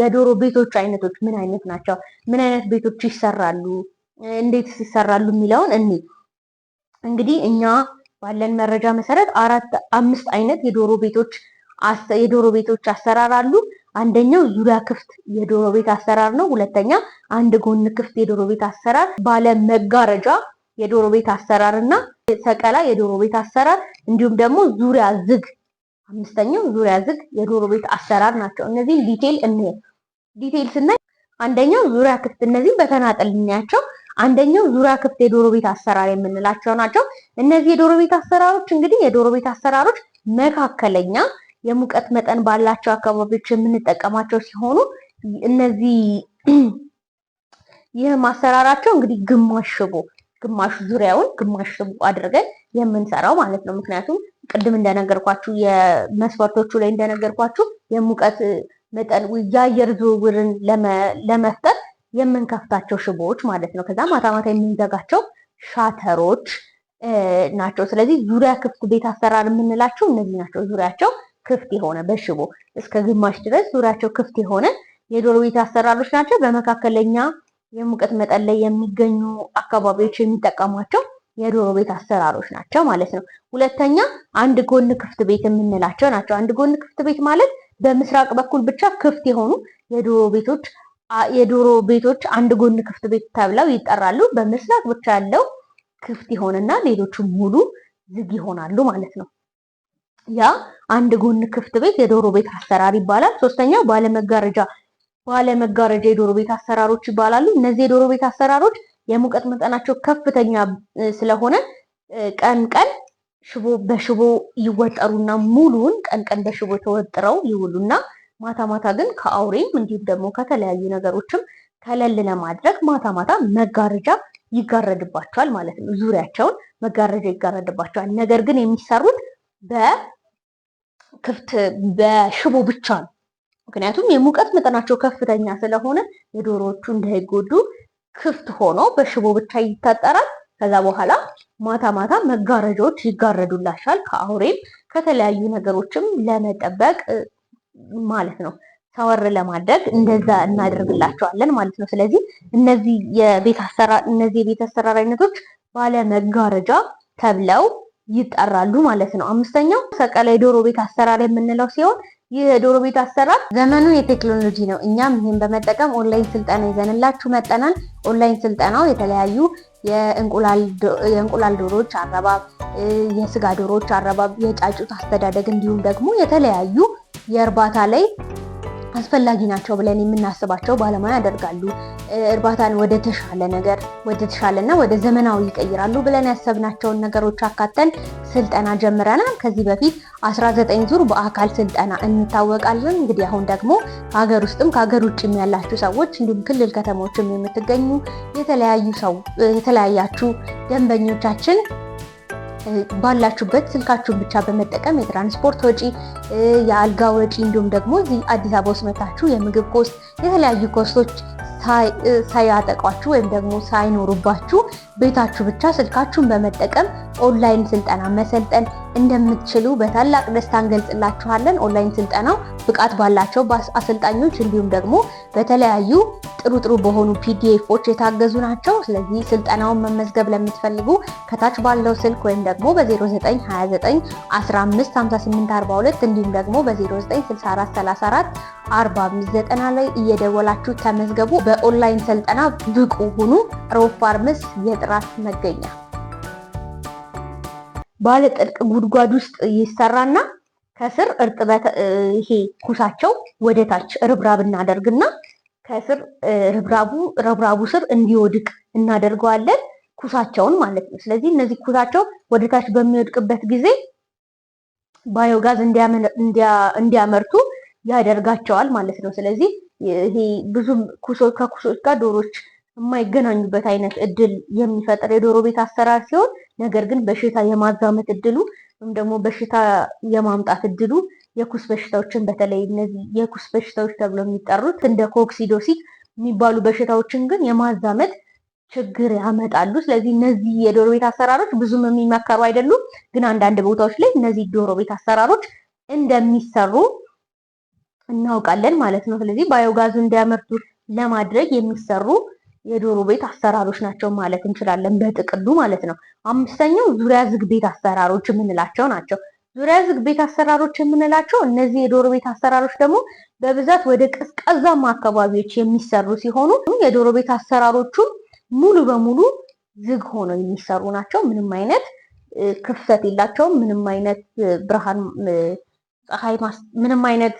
የዶሮ ቤቶች አይነቶች ምን አይነት ናቸው? ምን አይነት ቤቶች ይሰራሉ? እንዴት ይሰራሉ የሚለውን እኒ እንግዲህ እኛ ባለን መረጃ መሰረት አራት አምስት አይነት የዶሮ ቤቶች የዶሮ ቤቶች አሰራር አሉ። አንደኛው ዙሪያ ክፍት የዶሮ ቤት አሰራር ነው። ሁለተኛ አንድ ጎን ክፍት የዶሮ ቤት አሰራር፣ ባለ መጋረጃ የዶሮ ቤት አሰራር እና ሰቀላ የዶሮ ቤት አሰራር እንዲሁም ደግሞ ዙሪያ ዝግ አምስተኛው ዙሪያ ዝግ የዶሮ ቤት አሰራር ናቸው። እነዚህን ዲቴል እንየ ዲቴል ስናይ አንደኛው ዙሪያ ክፍት፣ እነዚህ በተናጠል እናያቸው። አንደኛው ዙሪያ ክፍት የዶሮ ቤት አሰራር የምንላቸው ናቸው። እነዚህ የዶሮ ቤት አሰራሮች እንግዲህ የዶሮ ቤት አሰራሮች መካከለኛ የሙቀት መጠን ባላቸው አካባቢዎች የምንጠቀማቸው ሲሆኑ እነዚህ ይህ ማሰራራቸው እንግዲህ ግማሽ ሽቦ ግማሽ ዙሪያውን ግማሽ ሽቦ አድርገን የምንሰራው ማለት ነው። ምክንያቱም ቅድም እንደነገርኳችሁ የመስፈርቶቹ ላይ እንደነገርኳችሁ የሙቀት መጠን የአየር ዝውውርን ለመፍጠር የምንከፍታቸው ሽቦዎች ማለት ነው። ከዛ ማታ ማታ የምንዘጋቸው ሻተሮች ናቸው። ስለዚህ ዙሪያ ክፍት ቤት አሰራር የምንላቸው እነዚህ ናቸው። ዙሪያቸው ክፍት የሆነ በሽቦ እስከ ግማሽ ድረስ ዙሪያቸው ክፍት የሆነ የዶሮ ቤት አሰራሮች ናቸው። በመካከለኛ የሙቀት መጠን ላይ የሚገኙ አካባቢዎች የሚጠቀሟቸው የዶሮ ቤት አሰራሮች ናቸው ማለት ነው። ሁለተኛ አንድ ጎን ክፍት ቤት የምንላቸው ናቸው። አንድ ጎን ክፍት ቤት ማለት በምስራቅ በኩል ብቻ ክፍት የሆኑ የዶሮ ቤቶች የዶሮ ቤቶች አንድ ጎን ክፍት ቤት ተብለው ይጠራሉ። በምስራቅ ብቻ ያለው ክፍት ይሆንና ሌሎቹ ሙሉ ዝግ ይሆናሉ ማለት ነው። ያ አንድ ጎን ክፍት ቤት የዶሮ ቤት አሰራር ይባላል። ሶስተኛው ባለመጋረጃ ባለመጋረጃ የዶሮ ቤት አሰራሮች ይባላሉ። እነዚህ የዶሮ ቤት አሰራሮች የሙቀት መጠናቸው ከፍተኛ ስለሆነ ቀን ቀን ሽቦ በሽቦ ይወጠሩና ሙሉን ቀን ቀን በሽቦ ተወጥረው ይውሉና ማታ ማታ ግን ከአውሬም እንዲሁም ደግሞ ከተለያዩ ነገሮችም ከለል ለማድረግ ማታ ማታ መጋረጃ ይጋረድባቸዋል ማለት ነው። ዙሪያቸውን መጋረጃ ይጋረድባቸዋል። ነገር ግን የሚሰሩት በክፍት በሽቦ ብቻ ነው። ምክንያቱም የሙቀት መጠናቸው ከፍተኛ ስለሆነ የዶሮዎቹ እንዳይጎዱ ክፍት ሆኖ በሽቦ ብቻ ይታጠራል። ከዛ በኋላ ማታ ማታ መጋረጃዎች ይጋረዱላሻል ከአውሬም ከተለያዩ ነገሮችም ለመጠበቅ ማለት ነው ሰወር ለማድረግ እንደዛ እናደርግላቸዋለን ማለት ነው። ስለዚህ እነዚህ የቤት አሰራር እነዚህ የቤት አሰራር አይነቶች ባለ መጋረጃ ተብለው ይጠራሉ ማለት ነው። አምስተኛው ሰቀላይ ዶሮ ቤት አሰራር የምንለው ሲሆን ይህ የዶሮ ቤት አሰራር ዘመኑ የቴክኖሎጂ ነው። እኛም ይህን በመጠቀም ኦንላይን ስልጠና ይዘንላችሁ መጠናን። ኦንላይን ስልጠናው የተለያዩ የእንቁላል ዶሮዎች አረባብ፣ የስጋ ዶሮዎች አረባብ፣ የጫጩት አስተዳደግ እንዲሁም ደግሞ የተለያዩ የእርባታ ላይ አስፈላጊ ናቸው ብለን የምናስባቸው ባለሙያ ያደርጋሉ። እርባታን ወደ ተሻለ ነገር ወደ ተሻለና ወደ ዘመናዊ ይቀይራሉ ብለን ያሰብናቸውን ነገሮች አካተን ስልጠና ጀምረናል። ከዚህ በፊት 19 ዙር በአካል ስልጠና እንታወቃለን። እንግዲህ አሁን ደግሞ ከሀገር ውስጥም ከሀገር ውጭም ያላችሁ ሰዎች እንዲሁም ክልል ከተሞችም የምትገኙ የተለያዩ ሰው የተለያያችሁ ደንበኞቻችን ባላችሁበት ስልካችሁን ብቻ በመጠቀም የትራንስፖርት ወጪ፣ የአልጋ ወጪ እንዲሁም ደግሞ እዚህ አዲስ አበባ ውስጥ መታችሁ የምግብ ኮስት፣ የተለያዩ ኮስቶች ሳያጠቋችሁ ወይም ደግሞ ሳይኖሩባችሁ ቤታችሁ ብቻ ስልካችሁን በመጠቀም ኦንላይን ስልጠና መሰልጠን እንደምትችሉ በታላቅ ደስታ እንገልጽላችኋለን። ኦንላይን ስልጠናው ብቃት ባላቸው አሰልጣኞች እንዲሁም ደግሞ በተለያዩ ጥሩ ጥሩ በሆኑ ፒዲኤፎች የታገዙ ናቸው። ስለዚህ ስልጠናውን መመዝገብ ለምትፈልጉ ከታች ባለው ስልክ ወይም ደግሞ በ0929155842 እንዲሁም ደግሞ በ0964344590 ላይ እየደወላችሁ ተመዝገቡ። በኦንላይን ስልጠና ብቁ ሁኑ። ሮፋርምስ ፋርምስ የጥራት መገኛ ባለ ጥልቅ ጉድጓድ ውስጥ ይሰራና ከስር እርጥበት ይሄ ኩሳቸው ወደ ታች ርብራብ እናደርግና ከስር ርብራቡ ረብራቡ ስር እንዲወድቅ እናደርገዋለን። ኩሳቸውን ማለት ነው። ስለዚህ እነዚህ ኩሳቸው ወደ ታች በሚወድቅበት ጊዜ ባዮጋዝ እንዲያመርቱ ያደርጋቸዋል ማለት ነው። ስለዚህ ይሄ ብዙ ከኩሶች ጋር ዶሮች የማይገናኙበት አይነት እድል የሚፈጥር የዶሮ ቤት አሰራር ሲሆን ነገር ግን በሽታ የማዛመት እድሉ ወይም ደግሞ በሽታ የማምጣት እድሉ የኩስ በሽታዎችን በተለይ እነዚህ የኩስ በሽታዎች ተብሎ የሚጠሩት እንደ ኮክሲዶሲት የሚባሉ በሽታዎችን ግን የማዛመት ችግር ያመጣሉ። ስለዚህ እነዚህ የዶሮ ቤት አሰራሮች ብዙም የሚመከሩ አይደሉም። ግን አንዳንድ ቦታዎች ላይ እነዚህ ዶሮ ቤት አሰራሮች እንደሚሰሩ እናውቃለን ማለት ነው። ስለዚህ ባዮጋዙ እንዲያመርቱ ለማድረግ የሚሰሩ የዶሮ ቤት አሰራሮች ናቸው ማለት እንችላለን በጥቅሉ ማለት ነው። አምስተኛው ዙሪያ ዝግ ቤት አሰራሮች የምንላቸው ናቸው። ዙሪያ ዝግ ቤት አሰራሮች የምንላቸው እነዚህ የዶሮ ቤት አሰራሮች ደግሞ በብዛት ወደ ቀዝቃዛማ አካባቢዎች የሚሰሩ ሲሆኑ የዶሮ ቤት አሰራሮቹ ሙሉ በሙሉ ዝግ ሆነው የሚሰሩ ናቸው። ምንም አይነት ክፍተት የላቸውም። ምንም አይነት ብርሃን ፀሐይ፣ ምንም አይነት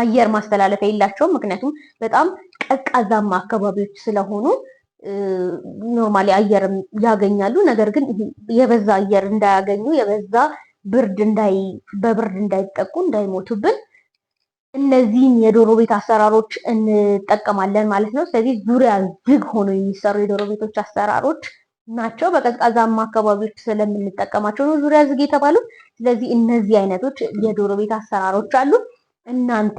አየር ማስተላለፊያ የላቸውም። ምክንያቱም በጣም ቀዝቃዛማ አካባቢዎች ስለሆኑ ኖርማሊ አየር ያገኛሉ። ነገር ግን የበዛ አየር እንዳያገኙ የበዛ ብርድ እንዳይ በብርድ እንዳይጠቁ እንዳይሞቱብን እነዚህን የዶሮ ቤት አሰራሮች እንጠቀማለን ማለት ነው። ስለዚህ ዙሪያ ዝግ ሆኖ የሚሰሩ የዶሮ ቤቶች አሰራሮች ናቸው። በቀዝቃዛማ አካባቢዎች ስለምንጠቀማቸው ነው ዙሪያ ዝግ የተባሉ። ስለዚህ እነዚህ አይነቶች የዶሮ ቤት አሰራሮች አሉ እናንተ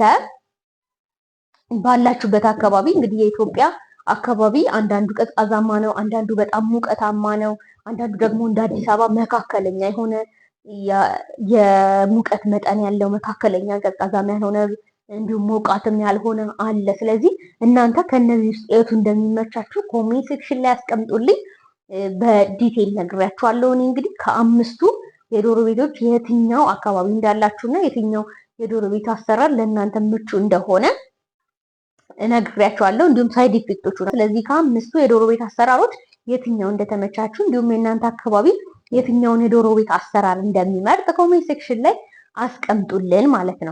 ባላችሁበት አካባቢ እንግዲህ የኢትዮጵያ አካባቢ አንዳንዱ ቀዝቃዛማ ነው፣ አንዳንዱ በጣም ሙቀታማ ነው፣ አንዳንዱ ደግሞ እንደ አዲስ አበባ መካከለኛ የሆነ የሙቀት መጠን ያለው መካከለኛ ቀዝቃዛም ያልሆነ እንዲሁም ሞቃትም ያልሆነ አለ። ስለዚህ እናንተ ከእነዚህ ውስጥ የቱ እንደሚመቻችሁ ኮሜንት ሴክሽን ላይ ያስቀምጡልኝ። በዲቴል ነግሬያችኋለሁ። እኔ እንግዲህ ከአምስቱ የዶሮ ቤቶች የትኛው አካባቢ እንዳላችሁና የትኛው የዶሮ ቤት አሰራር ለእናንተ ምቹ እንደሆነ እነግሬያቸዋለሁ እንዲሁም ሳይድ ኢፌክቶቹ ነው። ስለዚህ ከአምስቱ የዶሮ ቤት አሰራሮች የትኛው እንደተመቻችሁ እንዲሁም የእናንተ አካባቢ የትኛውን የዶሮ ቤት አሰራር እንደሚመርጥ ኮሜንት ሴክሽን ላይ አስቀምጡልን ማለት ነው።